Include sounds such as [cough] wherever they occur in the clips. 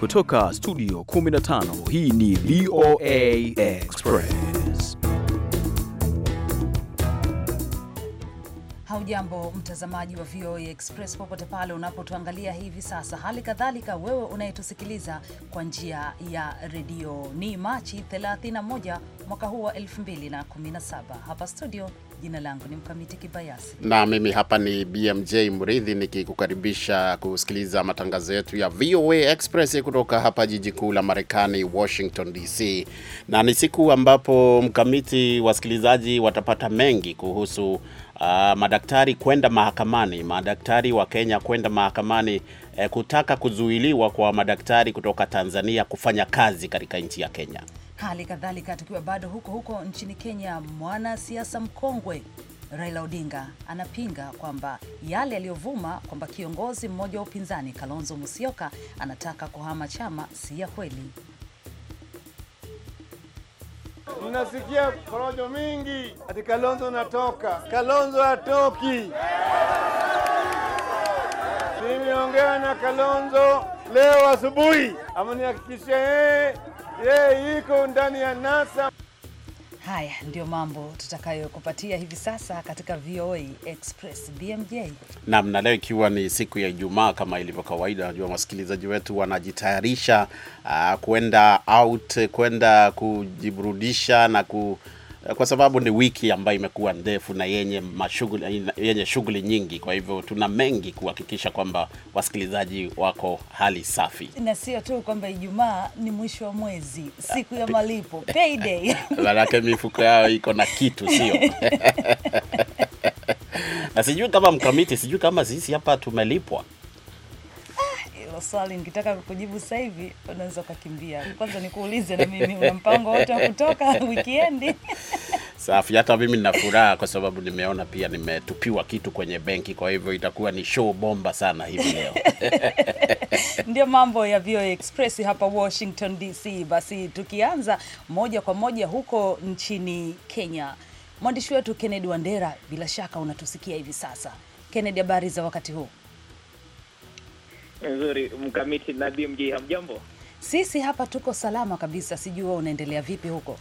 Kutoka studio 15 hii ni VOA Express. jambo mtazamaji wa VOA Express popote pale unapotuangalia hivi sasa, hali kadhalika wewe unayetusikiliza kwa njia ya redio. Ni Machi 31 mwaka huu wa 2017 hapa studio Jina langu ni Mkamiti Kibayasi na mimi hapa ni BMJ Mridhi nikikukaribisha kusikiliza matangazo yetu ya VOA Express kutoka hapa jiji kuu la Marekani, Washington DC. Na ni siku ambapo Mkamiti, wasikilizaji watapata mengi kuhusu uh, madaktari kwenda mahakamani, madaktari wa Kenya kwenda mahakamani eh, kutaka kuzuiliwa kwa madaktari kutoka Tanzania kufanya kazi katika nchi ya Kenya. Hali kadhalika tukiwa bado huko huko nchini Kenya, mwanasiasa mkongwe Raila Odinga anapinga kwamba yale yaliyovuma kwamba kiongozi mmoja wa upinzani Kalonzo Musyoka anataka kuhama chama si ya kweli. Mnasikia porojo mingi ati Kalonzo natoka, Kalonzo hatoki. Nimeongea na Kalonzo leo asubuhi, amanihakikishia yeye ye iko ndani ya NASA. Haya ndiyo mambo tutakayokupatia hivi sasa katika VOA Express BMJ nam, na leo ikiwa ni siku ya Ijumaa kama ilivyo kawaida, najua wasikilizaji wetu wanajitayarisha uh, kwenda out kwenda kujiburudisha na ku Eh, kwa sababu ni wiki ambayo imekuwa ndefu na yenye mashughuli, yenye shughuli nyingi. Kwa hivyo tuna mengi kuhakikisha kwamba wasikilizaji wako hali safi, na sio tu kwamba Ijumaa ni mwisho wa mwezi, siku ya eh, malipo payday, [laughs] manake mifuko yao iko na kitu, sio? [laughs] [laughs] na sijui kama mkamiti, sijui kama sisi hapa tumelipwa hilo swali nikitaka kujibu sasa hivi unaweza ukakimbia. Kwanza nikuulize na mimi, una mpango wote wa kutoka [laughs] wikendi? Safi, hata mimi nina furaha kwa sababu nimeona pia nimetupiwa kitu kwenye benki, kwa hivyo itakuwa ni show bomba sana hivi leo. [laughs] Ndio mambo ya VOA Express hapa Washington DC. Basi tukianza moja kwa moja huko nchini Kenya, mwandishi wetu Kennedy Wandera, bila shaka unatusikia hivi sasa. Kennedy, habari za wakati huu? Nzuri mkamiti na BMJ, hamjambo? Sisi hapa tuko salama kabisa, sijui unaendelea vipi huko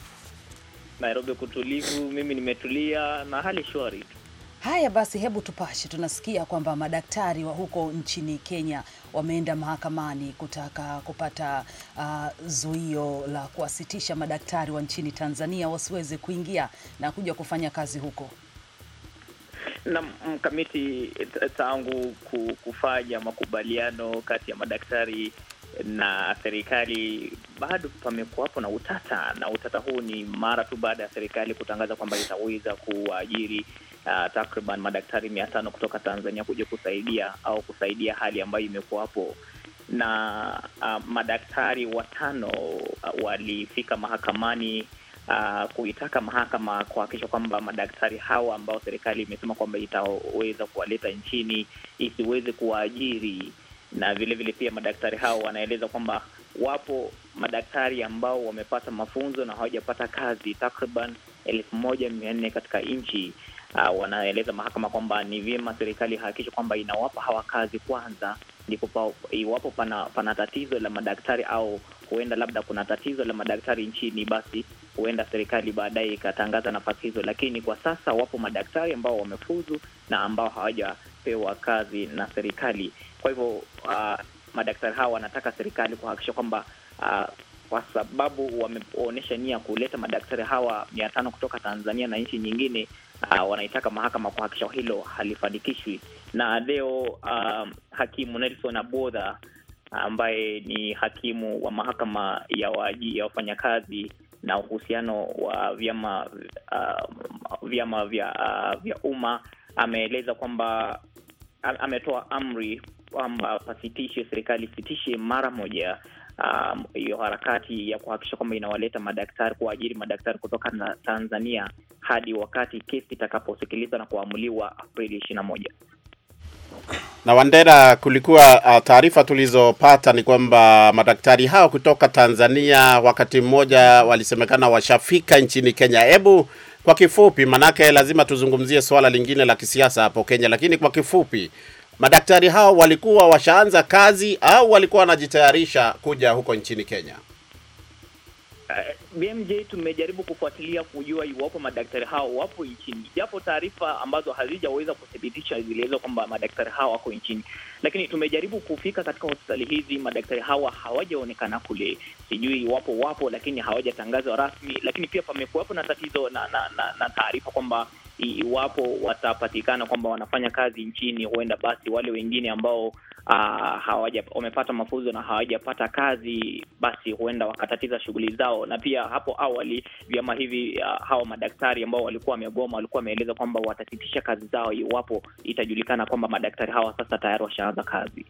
Nairobi? Kutulivu, mimi nimetulia na hali shwari tu. Haya basi, hebu tupashe. Tunasikia kwamba madaktari wa huko nchini Kenya wameenda mahakamani kutaka kupata uh, zuio la kuwasitisha madaktari wa nchini Tanzania wasiweze kuingia na kuja kufanya kazi huko na mkamiti eh, tangu kufanya makubaliano kati ya madaktari na serikali bado pamekuwapo na utata, na utata huu ni mara tu baada ya serikali kutangaza kwamba itaweza kuajiri uh, ah, takriban madaktari mia tano kutoka Tanzania kuja kusaidia au kusaidia hali ambayo imekuwapo na uh, madaktari watano uh, walifika mahakamani uh, kuitaka mahakama kuhakikisha kwamba madaktari hawa ambao serikali imesema kwamba itaweza kuwaleta nchini isiweze kuwaajiri, na vilevile vile pia madaktari hao wanaeleza kwamba wapo madaktari ambao wamepata mafunzo na hawajapata kazi takriban elfu moja mia nne katika nchi. Uh, wanaeleza mahakama kwamba ni vyema serikali hakikisha kwamba inawapa hawa kazi kwanza, ndipo iwapo pana, pana tatizo la madaktari au huenda labda kuna tatizo la madaktari nchini, basi huenda serikali baadaye ikatangaza nafasi hizo, lakini kwa sasa wapo madaktari ambao wamefuzu na ambao hawajapewa kazi na serikali. Kwa hivyo uh, madaktari hawa wanataka serikali kuhakikisha kwamba uh, kwa sababu wameonyesha nia kuleta madaktari hawa mia tano kutoka Tanzania na nchi nyingine. Uh, wanaitaka mahakama kuhakikisha hilo halifanikishwi. Na leo uh, hakimu Nelson Abodha ambaye ni hakimu wa mahakama ya waajiri ya wafanyakazi na uhusiano wa vyama uh, vyama vya uh, vya umma ameeleza kwamba ametoa amri kwamba pasitishe, serikali isitishe mara moja um, hiyo um, harakati ya kuhakikisha kwamba inawaleta madaktari kuajiri madaktari kutoka na Tanzania hadi wakati kesi itakaposikilizwa na kuamuliwa Aprili ishirina na moja. Na Wandera, kulikuwa ah, taarifa tulizopata ni kwamba madaktari hao kutoka Tanzania wakati mmoja walisemekana washafika nchini Kenya. Hebu kwa kifupi, manake lazima tuzungumzie swala lingine la kisiasa hapo Kenya, lakini kwa kifupi, madaktari hao walikuwa washaanza kazi au walikuwa wanajitayarisha kuja huko nchini Kenya? Uh, BMJ tumejaribu kufuatilia kujua iwapo madaktari hao wapo nchini, japo taarifa ambazo hazijaweza kuthibitisha ziliweza kwamba madaktari hao wako nchini, lakini tumejaribu kufika katika hospitali hizi, madaktari hawa hawajaonekana kule. Sijui iwapo wapo, lakini hawajatangazwa rasmi. Lakini pia pamekuwapo na tatizo na, na, na, na taarifa kwamba iwapo watapatikana kwamba wanafanya kazi nchini, huenda basi wale wengine ambao Uh, hawaja wamepata mafunzo na hawajapata kazi, basi huenda wakatatiza shughuli zao. Na pia hapo awali vyama hivi uh, hawa madaktari ambao walikuwa wamegoma walikuwa wameeleza kwamba watasitisha kazi zao iwapo itajulikana kwamba madaktari hawa sasa tayari washaanza kazi.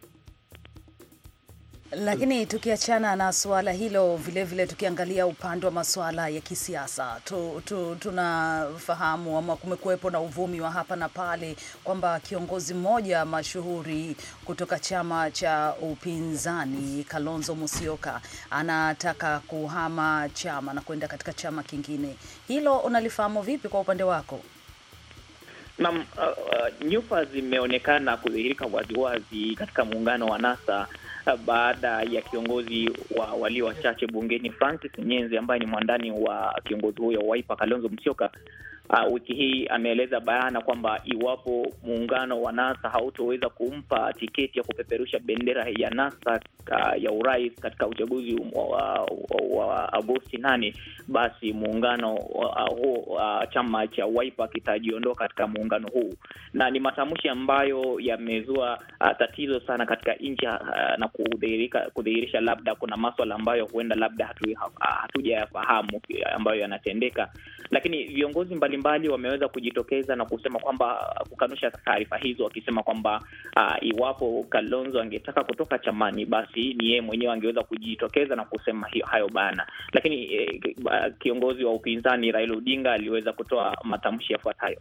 Lakini tukiachana na suala hilo, vilevile tukiangalia upande wa masuala ya kisiasa, tunafahamu tu, tunafahamu ama kumekuwepo na uvumi wa hapa na pale kwamba kiongozi mmoja mashuhuri kutoka chama cha upinzani Kalonzo Musyoka anataka kuhama chama na kwenda katika chama kingine. Hilo unalifahamu vipi kwa upande wako? Naam, uh, uh, nyufa zimeonekana kudhihirika waziwazi katika muungano wa NASA baada ya kiongozi wa walio wachache bungeni Francis Nyenzi ambaye ni mwandani wa kiongozi huyo Wiper Kalonzo Musyoka uh, wiki hii ameeleza bayana kwamba iwapo muungano wa NASA hautoweza kumpa tiketi ya kupeperusha bendera ya NASA uh, ya urais katika uchaguzi wa, wa, wa Agosti nane, basi muungano ah, huo uh, uh, chama cha Wiper kitajiondoa katika muungano huu, na ni matamshi ambayo yamezua uh, tatizo sana katika nchi uh, na kudhihirisha labda kuna maswala ambayo huenda labda hatujayafahamu hatu ambayo yanatendeka lakini viongozi mbalimbali wameweza kujitokeza na kusema kwamba kukanusha taarifa hizo, wakisema kwamba uh, iwapo Kalonzo angetaka kutoka chamani, basi ni yeye mwenyewe angeweza kujitokeza na kusema hiyo hayo bana. Lakini eh, kiongozi wa upinzani Raila Odinga aliweza kutoa matamshi yafuatayo.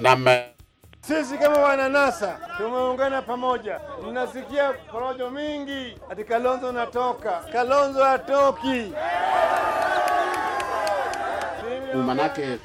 Naam. Sisi kama wananasa tumeungana pamoja. Mnasikia porojo mingi ati Kalonzo natoka, Kalonzo atoki Manake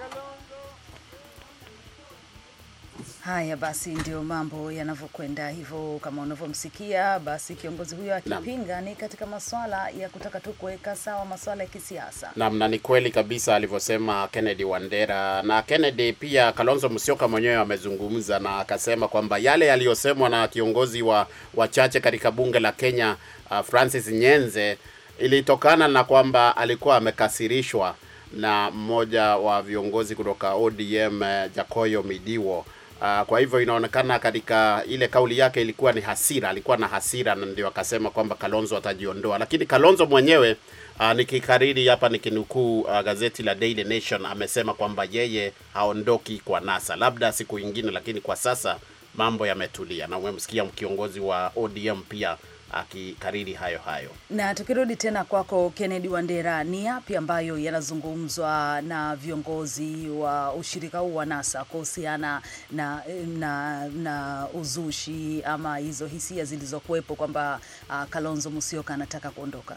Haya basi, ndio mambo yanavyokwenda hivyo, kama unavyomsikia basi kiongozi huyo akipinga ni katika maswala ya kutaka tu kuweka sawa maswala ya kisiasa. Naam, na ni kweli kabisa alivyosema Kennedy Wandera na Kennedy pia Kalonzo Musyoka mwenyewe amezungumza na akasema kwamba yale yaliyosemwa na kiongozi wa wachache katika bunge la Kenya uh, Francis Nyenze ilitokana na kwamba alikuwa amekasirishwa na mmoja wa viongozi kutoka ODM uh, Jakoyo Midiwo Uh, kwa hivyo inaonekana katika ile kauli yake ilikuwa ni hasira, alikuwa na hasira, na ndio akasema kwamba Kalonzo atajiondoa. Lakini Kalonzo mwenyewe uh, nikikariri hapa nikinukuu uh, gazeti la Daily Nation amesema kwamba yeye haondoki kwa NASA, labda siku nyingine, lakini kwa sasa mambo yametulia, na umemsikia kiongozi wa ODM pia akikariri hayo hayo. Na tukirudi tena kwako Kennedy Wandera, ni yapi ambayo yanazungumzwa na viongozi wa ushirika huu wa NASA kuhusiana na, na, na uzushi ama hizo hisia zilizokuwepo kwamba uh, Kalonzo Musyoka anataka kuondoka?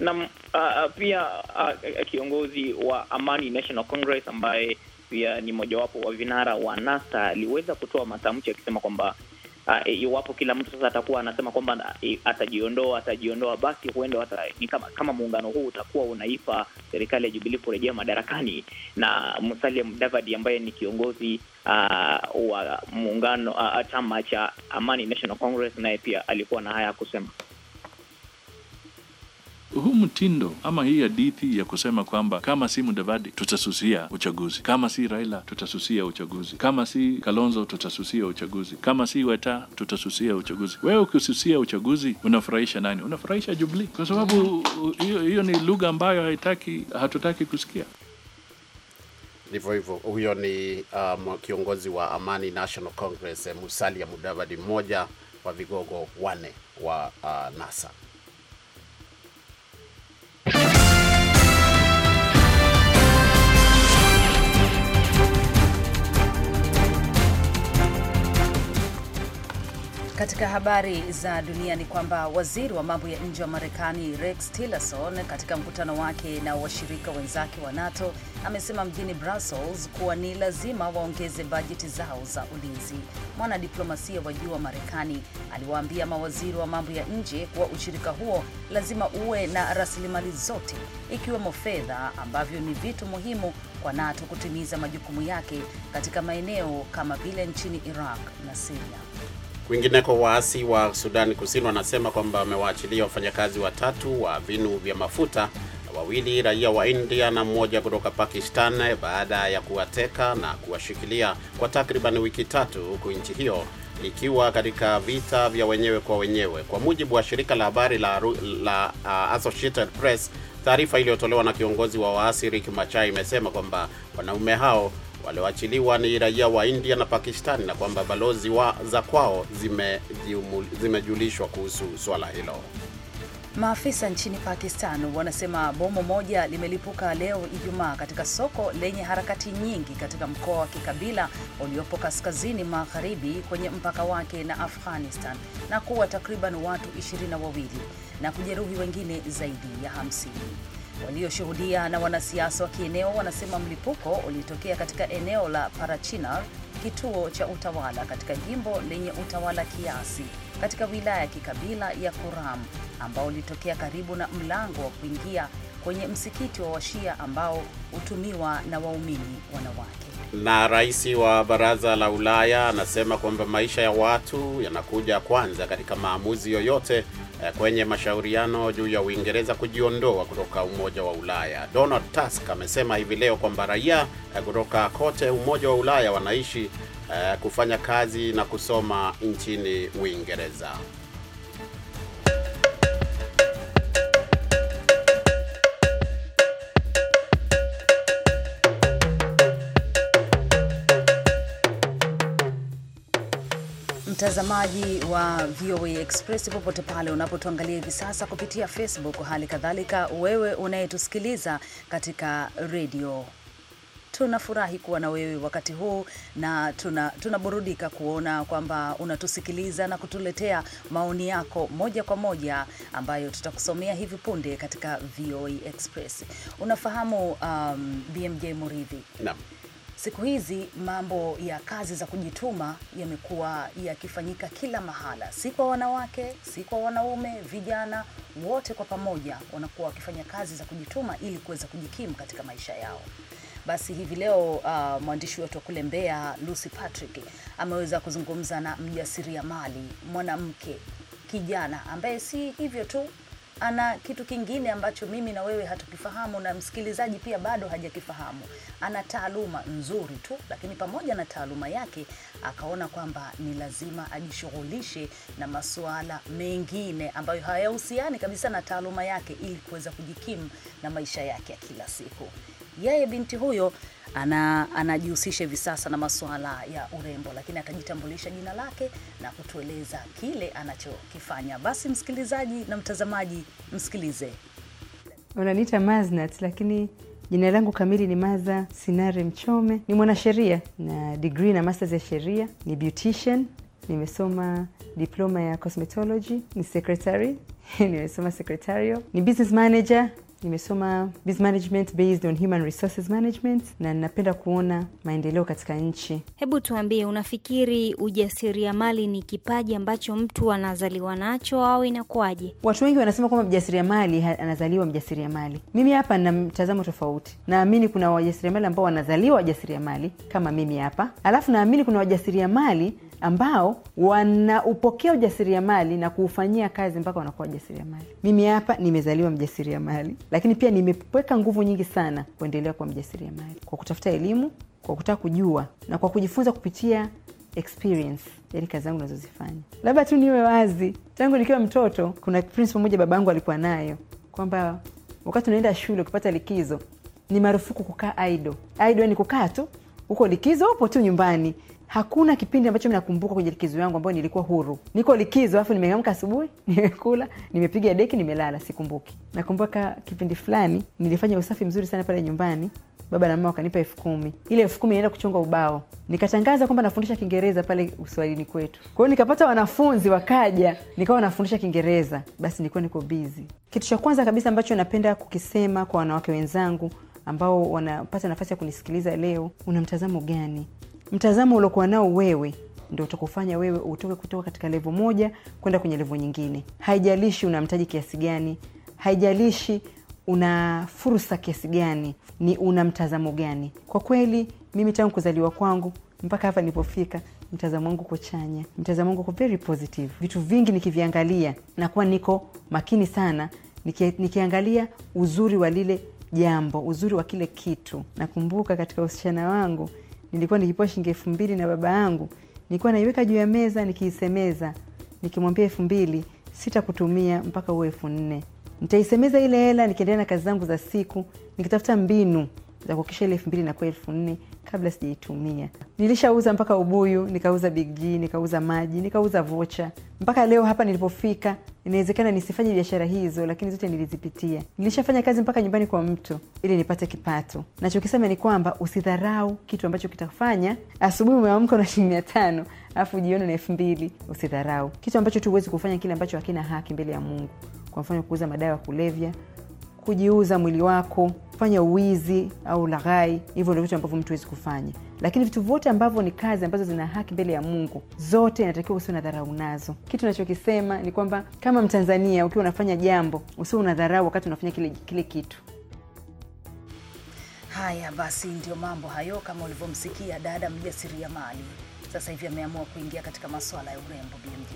Na uh, uh, pia uh, kiongozi wa Amani National Congress ambaye pia ni mojawapo wa vinara wa NASA aliweza kutoa matamshi akisema kwamba Ah, eh, iwapo uh, kila mtu sasa atakuwa anasema kwamba eh, atajiondoa atajiondoa, basi huenda ni kama, kama muungano huu utakuwa unaipa serikali ya Jubilee kurejea madarakani, na Musalia Mudavadi ambaye ni kiongozi uh, wa muungano uh, chama cha Amani National Congress, naye pia alikuwa na haya ya kusema huu mtindo ama hii hadithi ya kusema kwamba kama si Mudavadi tutasusia uchaguzi, kama si Raila tutasusia uchaguzi, kama si Kalonzo tutasusia uchaguzi, kama si Weta tutasusia uchaguzi. Wewe ukisusia uchaguzi unafurahisha nani? Unafurahisha Jubilee, kwa sababu hiyo ni lugha ambayo haitaki, hatutaki kusikia. Ndivyo hivyo. Huyo ni um, kiongozi wa Amani National Congress eh, Musalia Mudavadi, mmoja wa vigogo wane wa uh, NASA. Katika habari za dunia ni kwamba waziri wa mambo ya nje wa Marekani Rex Tillerson katika mkutano wake na washirika wenzake wa NATO amesema mjini Brussels kuwa ni lazima waongeze bajeti zao za ulinzi. Mwanadiplomasia wa juu wa Marekani aliwaambia mawaziri wa mambo ya nje kuwa ushirika huo lazima uwe na rasilimali zote ikiwemo fedha ambavyo ni vitu muhimu kwa NATO kutimiza majukumu yake katika maeneo kama vile nchini Iraq na siria Kwingineko, waasi wa Sudani Kusini wanasema kwamba wamewaachilia wafanyakazi watatu wa vinu vya mafuta na wawili raia wa India na mmoja kutoka Pakistan baada ya kuwateka na kuwashikilia kwa takriban wiki tatu, huku nchi hiyo ikiwa katika vita vya wenyewe kwa wenyewe, kwa mujibu wa shirika la habari la, la uh, Associated Press. Taarifa iliyotolewa na kiongozi wa waasi rik machai imesema kwamba wanaume hao walioachiliwa ni raia wa India na Pakistani na kwamba balozi wa za kwao zimejulishwa zime kuhusu swala hilo. Maafisa nchini Pakistan wanasema bomu moja limelipuka leo Ijumaa katika soko lenye harakati nyingi katika mkoa wa kikabila uliopo kaskazini magharibi kwenye mpaka wake na Afghanistan na kuwa takriban watu ishirini na wawili na kujeruhi wengine zaidi ya hamsini. Walioshuhudia na wanasiasa wa kieneo wanasema mlipuko ulitokea katika eneo la Parachinar, kituo cha utawala katika jimbo lenye utawala kiasi katika wilaya ya kikabila ya Kuram, ambao ulitokea karibu na mlango wa kuingia kwenye msikiti wa Washia ambao hutumiwa na waumini wanawake. Na rais wa baraza la Ulaya anasema kwamba maisha ya watu yanakuja kwanza katika maamuzi yoyote Eh, kwenye mashauriano juu ya Uingereza kujiondoa kutoka Umoja wa Ulaya. Donald Tusk amesema hivi leo kwamba raia eh, kutoka kote Umoja wa Ulaya wanaishi eh, kufanya kazi na kusoma nchini Uingereza. mtazamaji wa VOA Express popote pale unapotuangalia hivi sasa kupitia Facebook, hali kadhalika wewe unayetusikiliza katika redio tunafurahi kuwa na wewe wakati huu na tunaburudika tuna kuona kwamba unatusikiliza na kutuletea maoni yako moja kwa moja ambayo tutakusomea hivi punde katika VOA Express. Unafahamu um, BMJ Muridhi? Naam. Siku hizi mambo ya kazi za kujituma yamekuwa yakifanyika kila mahala, si kwa wanawake, si kwa wanaume, vijana wote kwa pamoja wanakuwa wakifanya kazi za kujituma ili kuweza kujikimu katika maisha yao. Basi hivi leo uh, mwandishi wetu wa kule Mbeya Lucy Patrick ameweza kuzungumza na mjasiriamali mwanamke kijana ambaye si hivyo tu ana kitu kingine ambacho mimi na wewe hatukifahamu na msikilizaji pia bado hajakifahamu. Ana taaluma nzuri tu, lakini pamoja na taaluma yake akaona kwamba ni lazima ajishughulishe na masuala mengine ambayo hayahusiani kabisa na taaluma yake ili kuweza kujikimu na maisha yake ya kila siku. Yeye binti huyo anajihusisha hivi sasa na masuala ya urembo, lakini atajitambulisha jina lake na kutueleza kile anachokifanya. Basi msikilizaji na mtazamaji, msikilize. Wananiita Maznat, lakini jina langu kamili ni Maza Sinare Mchome. Ni mwanasheria na degree na masters ya sheria, ni beautician, nimesoma diploma ya cosmetology, ni secretary [laughs] nimesoma secretarial, ni business manager Nimesoma business management based on human resources management na ninapenda kuona maendeleo katika nchi. Hebu tuambie, unafikiri ujasiriamali ni kipaji ambacho mtu anazaliwa nacho au inakuwaje? Watu wengi wanasema kwamba mjasiriamali anazaliwa mjasiriamali. Mimi hapa nina mtazamo tofauti. Naamini kuna wajasiriamali ambao wanazaliwa wajasiriamali kama mimi hapa, alafu naamini kuna wajasiriamali ambao wanaupokea ujasiriamali na kuufanyia kazi mpaka wanakuwa ujasiriamali Mimi hapa nimezaliwa mjasiriamali, lakini pia nimeweka nguvu nyingi sana kuendelea kuwa mjasiriamali kwa kutafuta elimu, kwa kutaka kujua na kwa kujifunza kupitia experience yani kazi zangu nazozifanya. Labda tu niwe wazi, tangu nikiwa mtoto kuna principle moja baba yangu alikuwa nayo kwamba wakati unaenda shule ukipata likizo ni marufuku kukaa idle. Idle ni kukaa tu huko likizo, upo tu nyumbani Hakuna kipindi ambacho nakumbuka kwenye likizo yangu ambayo nilikuwa huru, niko likizo alafu nimeamka asubuhi, [laughs] nimekula, nimepiga deki, nimelala. Sikumbuki. Nakumbuka kipindi fulani nilifanya usafi mzuri sana pale nyumbani, baba na mama wakanipa elfu kumi. Ile elfu kumi naenda kuchonga ubao, nikatangaza kwamba nafundisha Kiingereza pale uswahilini kwetu. kwahio nikapata wanafunzi wakaja, nikawa nafundisha Kiingereza. Basi nilikuwa niko bizi. Kitu cha kwanza kabisa ambacho napenda kukisema kwa wanawake wenzangu ambao wanapata nafasi ya kunisikiliza leo, una mtazamo gani mtazamo uliokuwa nao wewe ndio utakufanya wewe utoke kutoka katika levo moja kwenda kwenye levo nyingine. Haijalishi una mtaji kiasi gani, haijalishi una fursa kiasi gani, ni una mtazamo gani. Kwa kweli mimi tangu kuzaliwa kwangu mpaka hapa nilipofika, mtazamo wangu uko chanya, mtazamo wangu uko very positive. Vitu vingi nikiviangalia nakuwa niko makini sana, niki, nikiangalia uzuri wa lile jambo, uzuri wa kile kitu. Nakumbuka katika usichana wangu nilikuwa nikipewa shilingi elfu mbili na baba yangu, nilikuwa naiweka juu ya meza nikiisemeza, nikimwambia elfu mbili sitakutumia mpaka huo elfu nne. Nitaisemeza ile hela nikiendelea na kazi zangu za siku, nikitafuta mbinu za kuhakikisha ile elfu mbili inakuwa elfu nne kabla sijaitumia. Nilishauza mpaka ubuyu, nikauza bigi, nikauza maji, nikauza vocha. Mpaka leo hapa nilipofika, inawezekana nisifanye biashara hizo, lakini zote nilizipitia. Nilishafanya kazi mpaka nyumbani kwa mtu ili nipate kipato. Nachokisema ni kwamba usidharau kitu ambacho kitafanya asubuhi umeamka na shilingi mia tano alafu jioni na elfu mbili. Usidharau kitu ambacho tu huwezi kufanya, kile ambacho hakina haki mbele ya Mungu, kwa mfano kuuza madawa ya kulevya kujiuza mwili wako, kufanya uwizi au laghai. Hivyo ndio vitu ambavyo mtu hawezi kufanya, lakini vitu vyote ambavyo ni kazi ambazo zina haki mbele ya Mungu, zote inatakiwa usio na dharau nazo. Kitu nachokisema ni kwamba kama Mtanzania, ukiwa unafanya jambo usio una dharau wakati unafanya kile, kile kitu. Haya basi, ndio mambo hayo, kama ulivyomsikia dada mali sasa hivi ameamua kuingia katika masuala ya urembo BMJ.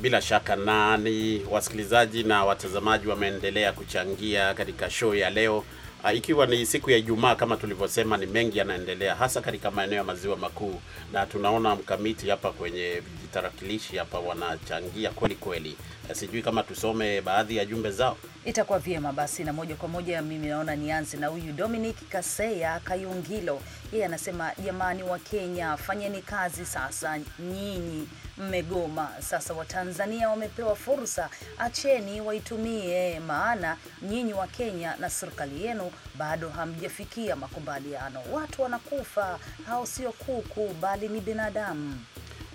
Bila shaka nani wasikilizaji na watazamaji wameendelea kuchangia katika show ya leo uh, ikiwa ni siku ya Ijumaa kama tulivyosema, ni mengi yanaendelea hasa katika maeneo ya maziwa makuu, na tunaona mkamiti hapa kwenye tarakilishi hapa wanachangia kweli kweli. Eh, sijui kama tusome baadhi ya jumbe zao, itakuwa vyema. Basi na moja kwa moja mimi naona nianze na huyu Dominic Kaseya Kayungilo, yeye anasema jamani, wa Kenya fanyeni kazi sasa, nyinyi mmegoma sasa. Watanzania wamepewa fursa, acheni waitumie, maana nyinyi wa Kenya na serikali yenu bado hamjafikia makubaliano. Watu wanakufa, hao sio kuku bali ni binadamu.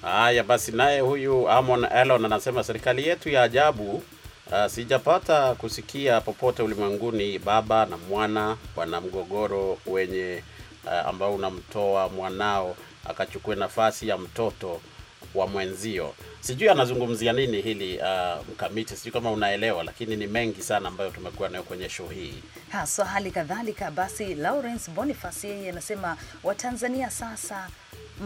Haya basi, naye huyu Amon Elon anasema serikali yetu ya ajabu. Uh, sijapata kusikia popote ulimwenguni baba na mwana wana mgogoro wenye uh, ambao unamtoa mwanao akachukue nafasi ya mtoto wa mwenzio. Sijui anazungumzia nini hili uh, mkamiti, sijui kama unaelewa, lakini ni mengi sana ambayo tumekuwa nayo kwenye show hii haswa. So, hali kadhalika basi Lawrence Boniface yeye anasema Watanzania sasa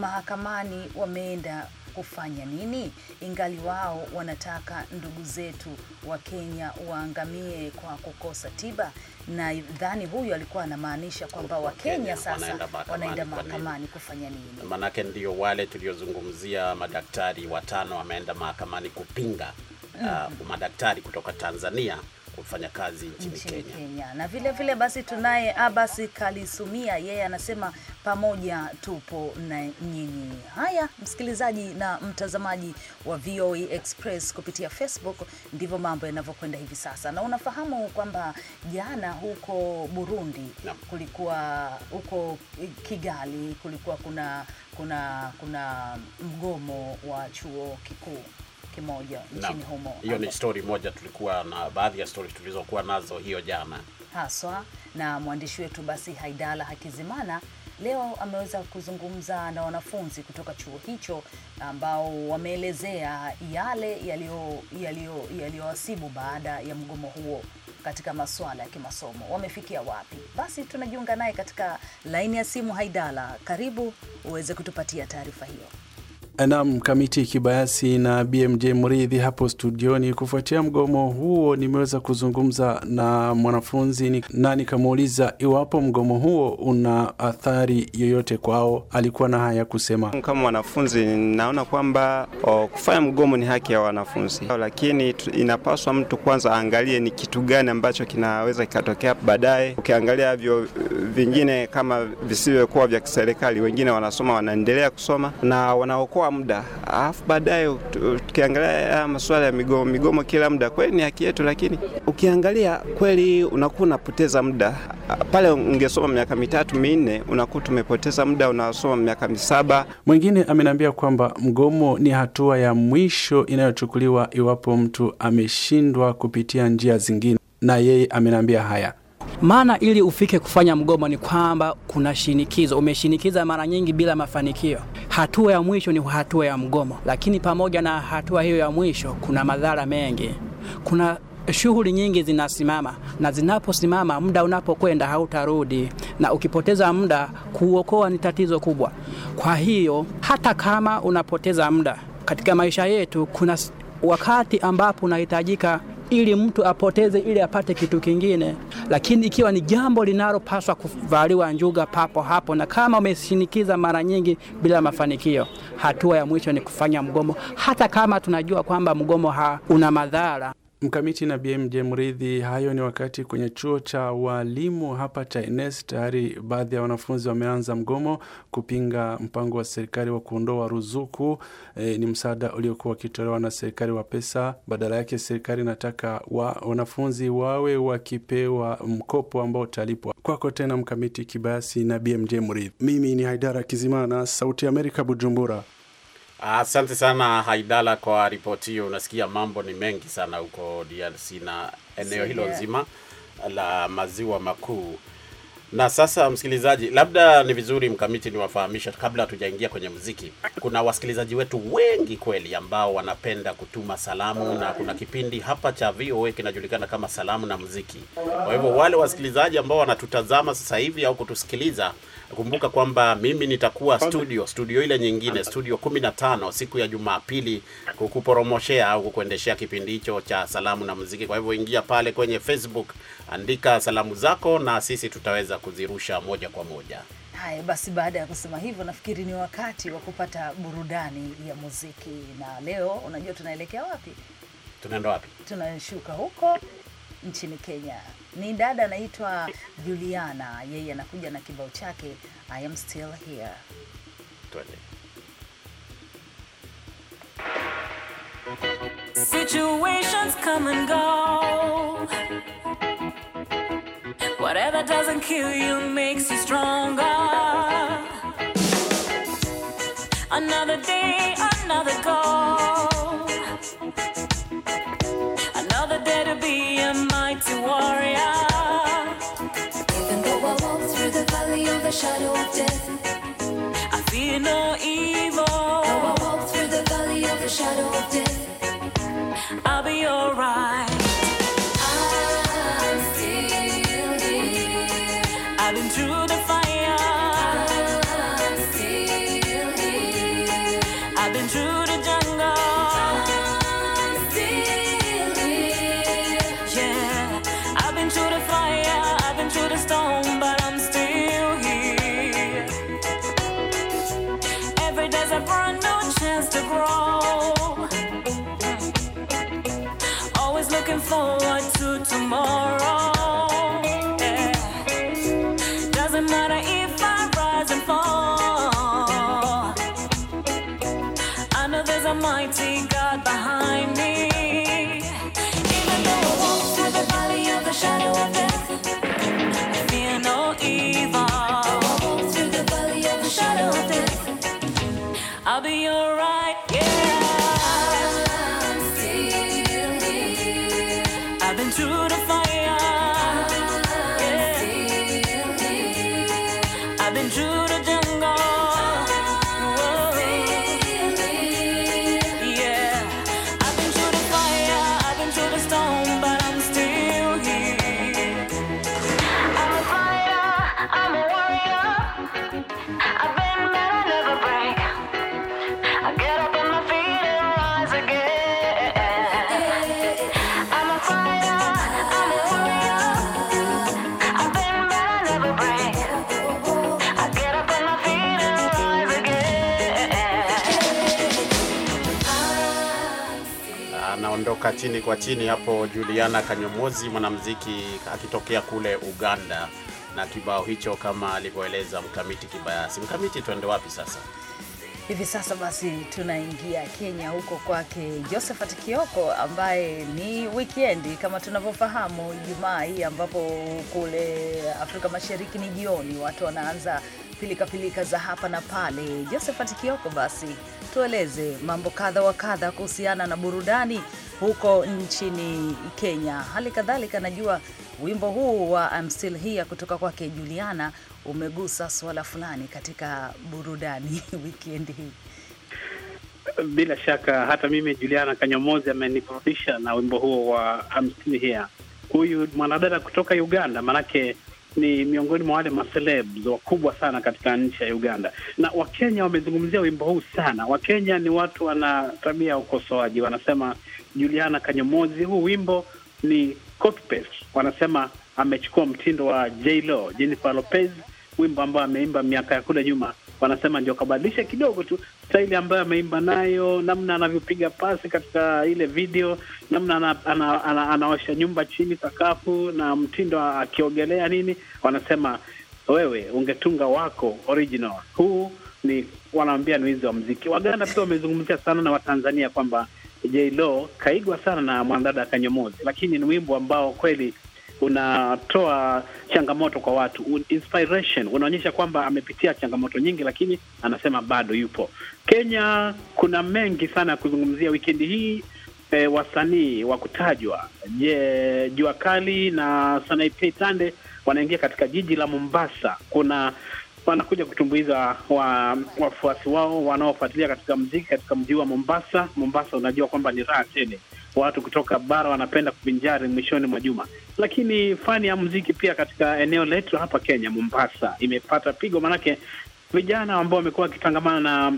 mahakamani wameenda kufanya nini, ingali wao wanataka ndugu zetu wa Kenya waangamie kwa kukosa tiba. Na dhani huyu alikuwa anamaanisha kwamba Wakenya sasa wanaenda mahakamani kufanya nini? Maanake ndio wale tuliozungumzia, madaktari watano wameenda mahakamani kupinga mm -hmm. uh, madaktari kutoka Tanzania kufanya kazi nchini Kenya. Kenya na vile vile basi tunaye Abbas Kalisumia, yeye anasema pamoja tupo na nyinyi. Haya, msikilizaji na mtazamaji wa VOA e Express kupitia Facebook, ndivyo mambo yanavyokwenda hivi sasa, na unafahamu kwamba jana huko Burundi na kulikuwa huko Kigali kulikuwa kuna kuna kuna mgomo wa chuo kikuu kimoja nchini humo. Hiyo ni stori moja tulikuwa na baadhi ya stori tulizokuwa nazo hiyo jana haswa, na mwandishi wetu basi Haidala Hakizimana leo ameweza kuzungumza na wanafunzi kutoka chuo hicho ambao wameelezea yale yaliyowasibu baada ya mgomo huo katika masuala ya kimasomo. Wamefikia wapi? Basi tunajiunga naye katika laini ya simu. Haidala, karibu uweze kutupatia taarifa hiyo. Nam Kamiti Kibayasi na BMJ Mridhi hapo studioni. Kufuatia mgomo huo, nimeweza kuzungumza na mwanafunzi na nikamuuliza iwapo mgomo huo una athari yoyote kwao. Alikuwa na haya kusema: kama mwanafunzi, naona kwamba kufanya mgomo ni haki ya wanafunzi, lakini inapaswa mtu kwanza aangalie ni kitu gani ambacho kinaweza kikatokea baadaye. Ukiangalia vyo vingine kama visivyokuwa vya kiserikali, wengine wanasoma wanaendelea kusoma na wanaokoa inaokoa muda, alafu baadaye tukiangalia masuala ya migomo, migomo kila muda kweli ni haki yetu, lakini ukiangalia kweli unakuwa unapoteza muda pale. Ungesoma miaka mitatu minne, unakuwa tumepoteza muda, unasoma miaka misaba. Mwingine ameniambia kwamba mgomo ni hatua ya mwisho inayochukuliwa iwapo mtu ameshindwa kupitia njia zingine, na yeye ameniambia haya maana ili ufike kufanya mgomo ni kwamba kuna shinikizo, umeshinikiza mara nyingi bila mafanikio. Hatua ya mwisho ni hatua ya mgomo, lakini pamoja na hatua hiyo ya mwisho kuna madhara mengi. Kuna shughuli nyingi zinasimama, na zinaposimama, muda unapokwenda hautarudi, na ukipoteza muda kuokoa ni tatizo kubwa. Kwa hiyo hata kama unapoteza muda katika maisha yetu, kuna wakati ambapo unahitajika ili mtu apoteze ili apate kitu kingine. Lakini ikiwa ni jambo linalopaswa kuvaliwa njuga papo hapo, na kama umeshinikiza mara nyingi bila mafanikio, hatua ya mwisho ni kufanya mgomo, hata kama tunajua kwamba mgomo ha una madhara. Mkamiti na BMJ Mridhi. Hayo ni wakati kwenye chuo cha walimu hapa cha tayari baadhi ya wanafunzi wameanza mgomo kupinga mpango wa serikali wa kuondoa ruzuku. E, ni msaada uliokuwa wakitolewa na serikali wa pesa, badala yake serikali inataka wa, wanafunzi wawe wakipewa mkopo ambao utalipwa kwako. Tena Mkamiti Kibayasi na BMJ Mridhi. Mimi ni Haidara Kizimana, Sauti ya Amerika, Bujumbura. Asante sana Haidala kwa ripoti hiyo. Unasikia mambo ni mengi sana huko DRC na eneo hilo nzima la maziwa makuu. Na sasa, msikilizaji, labda ni vizuri mkamiti niwafahamisha kabla hatujaingia kwenye muziki. Kuna wasikilizaji wetu wengi kweli ambao wanapenda kutuma salamu, na kuna kipindi hapa cha VOA kinajulikana kama salamu na muziki. Kwa hivyo wale wasikilizaji ambao wanatutazama sasa hivi au kutusikiliza Kumbuka kwamba mimi nitakuwa studio studio ile nyingine studio 15 siku ya Jumapili kukuporomoshea au kukuendeshea kipindi hicho cha salamu na muziki. Kwa hivyo ingia pale kwenye Facebook, andika salamu zako na sisi tutaweza kuzirusha moja kwa moja. Haya basi, baada ya kusema hivyo, nafikiri ni wakati wa kupata burudani ya muziki, na leo unajua tunaelekea wapi? Tunaenda wapi? Tunashuka huko nchini Kenya. Ni dada anaitwa Juliana, yeye anakuja na kibao chake I am still here. Twende. Situations come and go. Whatever doesn't kill you makes you stronger. Another day, another goal. shadow of death, I fear no evil. Though I walk through the valley of the shadow of death. chini kwa chini hapo Juliana Kanyomozi, mwanamuziki akitokea kule Uganda na kibao hicho kama alivyoeleza Mkamiti Kibayasi. Mkamiti, twende wapi sasa? Hivi sasa basi tunaingia Kenya, huko kwake Josephat Kioko ambaye ni wikendi kama tunavyofahamu, Ijumaa hii ambapo kule Afrika Mashariki ni jioni, watu wanaanza pilika pilika za hapa na pale. Josephat Kioko, basi tueleze mambo kadha wa kadha kuhusiana na burudani huko nchini Kenya. Hali kadhalika, najua wimbo huu wa I'm Still Here kutoka kwake Juliana umegusa suala fulani katika burudani [laughs] weekend hii. Bila shaka hata mimi Juliana Kanyomozi ameniburudisha na wimbo huo wa I'm Still Here. Huyu mwanadada kutoka Uganda, manake ni miongoni mwa wale maselebs wakubwa sana katika nchi ya Uganda, na Wakenya wamezungumzia wimbo huu sana. Wakenya ni watu wana tabia ya ukosoaji, wanasema Juliana Kanyomozi, huu wimbo ni copy paste, wanasema amechukua mtindo wa J-Lo, Jennifer Lopez, wimbo ambao ameimba miaka ya kule nyuma, wanasema ndio kabadilisha kidogo tu, staili ambayo ameimba nayo, namna anavyopiga pasi katika ile video, namna anaosha ana, ana, ana, ana nyumba chini sakafu, na mtindo akiogelea nini, wanasema wewe ungetunga wako original. Huu ni wanaambia ni wizi wa mziki. Waganda pia wamezungumzia sana na Watanzania kwamba J Lo kaigwa sana na mwanadada Kanyomozi, lakini ni wimbo ambao kweli unatoa changamoto kwa watu, inspiration, unaonyesha kwamba amepitia changamoto nyingi, lakini anasema bado yupo. Kenya kuna mengi sana ya kuzungumzia wikendi hii. E, wasanii wa kutajwa. Je, Jua Kali na Sanapei Tande wanaingia katika jiji la Mombasa. Kuna wanakuja kutumbuiza wa wafuasi wao wanaofuatilia katika mziki katika mji wa Mombasa. Mombasa unajua kwamba ni raha tene watu kutoka bara wanapenda kuvinjari mwishoni mwa juma. Lakini fani ya muziki pia katika eneo letu hapa Kenya, Mombasa, imepata pigo, maanake vijana ambao wamekuwa wakitangamana na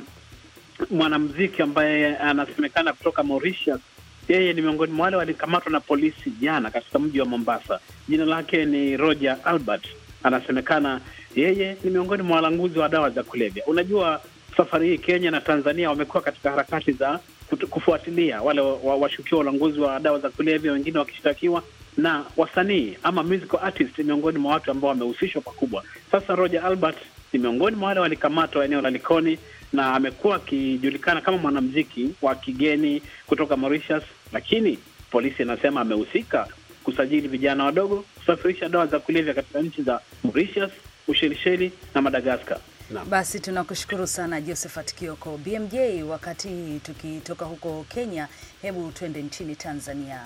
mwanamuziki ambaye anasemekana kutoka Mauritius, yeye ni miongoni mwa wale walikamatwa na polisi jana katika mji wa Mombasa. Jina lake ni Roger Albert, anasemekana yeye ni miongoni mwa walanguzi wa dawa za kulevya. Unajua, safari hii Kenya na Tanzania wamekuwa katika harakati za kufuatilia wale washukiwa wa ulanguzi wa dawa za kulevya, wengine wakishtakiwa na wasanii ama musical artist miongoni mwa watu ambao wamehusishwa pakubwa. Sasa Roger Albert ni miongoni mwa wale walikamatwa eneo la Likoni na amekuwa akijulikana kama mwanamziki wa kigeni kutoka Mauritius, lakini polisi inasema amehusika kusajili vijana wadogo, kusafirisha dawa za kulevya katika nchi za Mauritius, Ushelisheli na Madagaskar. Na. Basi tunakushukuru sana Josephat Kioko. BMJ, wakati tukitoka huko Kenya, hebu twende nchini Tanzania.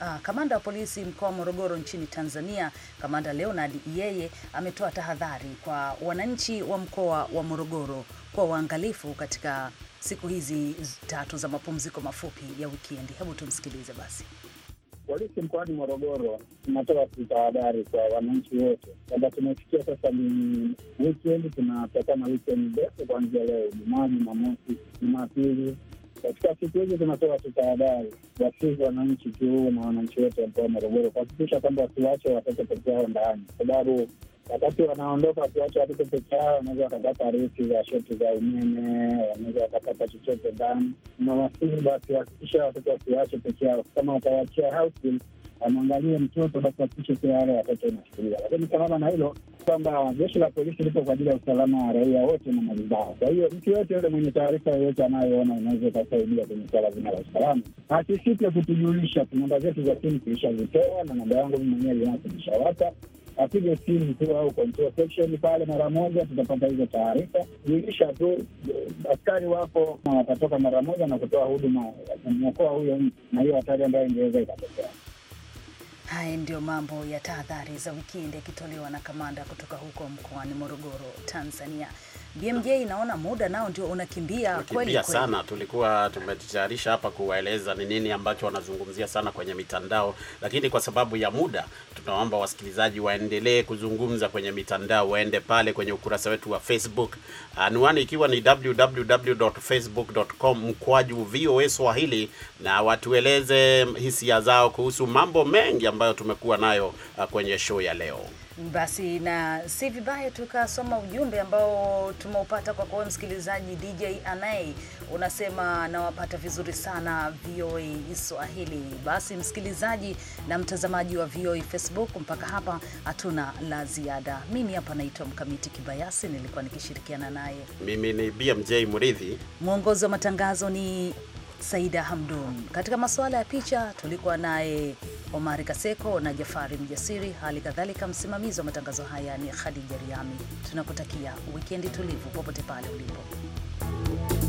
Ah, kamanda wa polisi mkoa wa Morogoro nchini Tanzania, Kamanda Leonard yeye ametoa tahadhari kwa wananchi wa mkoa wa Morogoro kwa uangalifu katika siku hizi tatu za mapumziko mafupi ya wikendi. Hebu tumsikilize basi. Polisi mkoani Morogoro tunatoa tahadhari kwa wananchi wote kwamba tumefikia sasa ni wikendi, na wikendi ndefu kuanzia leo Jumaa, Jumamosi, Jumapili. Katika siku hizi tunatoa tu tahadhari wasizi wananchi tu na wananchi wote mkoa wa Morogoro kuhakikisha kwamba wasiwache watoto pekee yao ndani, kwa sababu wakati wanaondoka wakiwacha watoto peke yao, wanaweza wakapata risi za shoti za umeme, wanaweza wakapata chochote ndani. Na wasihi wakiwahakikisha watoto wasiwache peke yao, kama watawachia house wamwangalie mtoto basi wakikishe kila wale watoto inashikilia. Lakini sambamba na hilo kwamba jeshi la polisi lipo kwa ajili ya usalama wa raia wote na mali zao. Kwa hiyo mtu yoyote yule mwenye taarifa yoyote anayoona inaweza ikasaidia kwenye suala zima la usalama, asisite kutujulisha. Namba zetu za simu tulishazitoa na namba yangu mwenyewe binafsi apige simu tu au control section pale mara moja, tutapata hizo taarifa. Julisha tu askari wako na watatoka mara moja na kutoa huduma kumwokoa huyo na hiyo hatari ambayo ingeweza ikatokea. Haya ndiyo mambo ya tahadhari za wikendi yakitolewa na kamanda kutoka huko mkoani Morogoro, Tanzania. BMJ inaona muda nao ndio unakimbia kweli sana. Tulikuwa tumejitayarisha hapa kuwaeleza ni nini ambacho wanazungumzia sana kwenye mitandao, lakini kwa sababu ya muda tunaomba wasikilizaji waendelee kuzungumza kwenye mitandao, waende pale kwenye ukurasa wetu wa Facebook, anwani ikiwa ni www.facebook.com mkwaju VOA Swahili, na watueleze hisia zao kuhusu mambo mengi ambayo tumekuwa nayo uh, kwenye show ya leo. Basi na si vibaya tukasoma ujumbe ambao tumeupata kwa kwa msikilizaji DJ Anai, unasema nawapata vizuri sana VOA Swahili. Basi msikilizaji na mtazamaji wa VOA Facebook, mpaka hapa hatuna la ziada. Mimi hapa naitwa Mkamiti Kibayasi, nilikuwa nikishirikiana naye, mimi ni BMJ Muridhi. Mwongozi wa matangazo ni Saida Hamdun. Katika masuala ya picha tulikuwa naye Omari Kaseko na Jafari Mjasiri, hali kadhalika msimamizi wa matangazo haya ni Khadija Riami. Tunakutakia wikendi tulivu popote pale ulipo.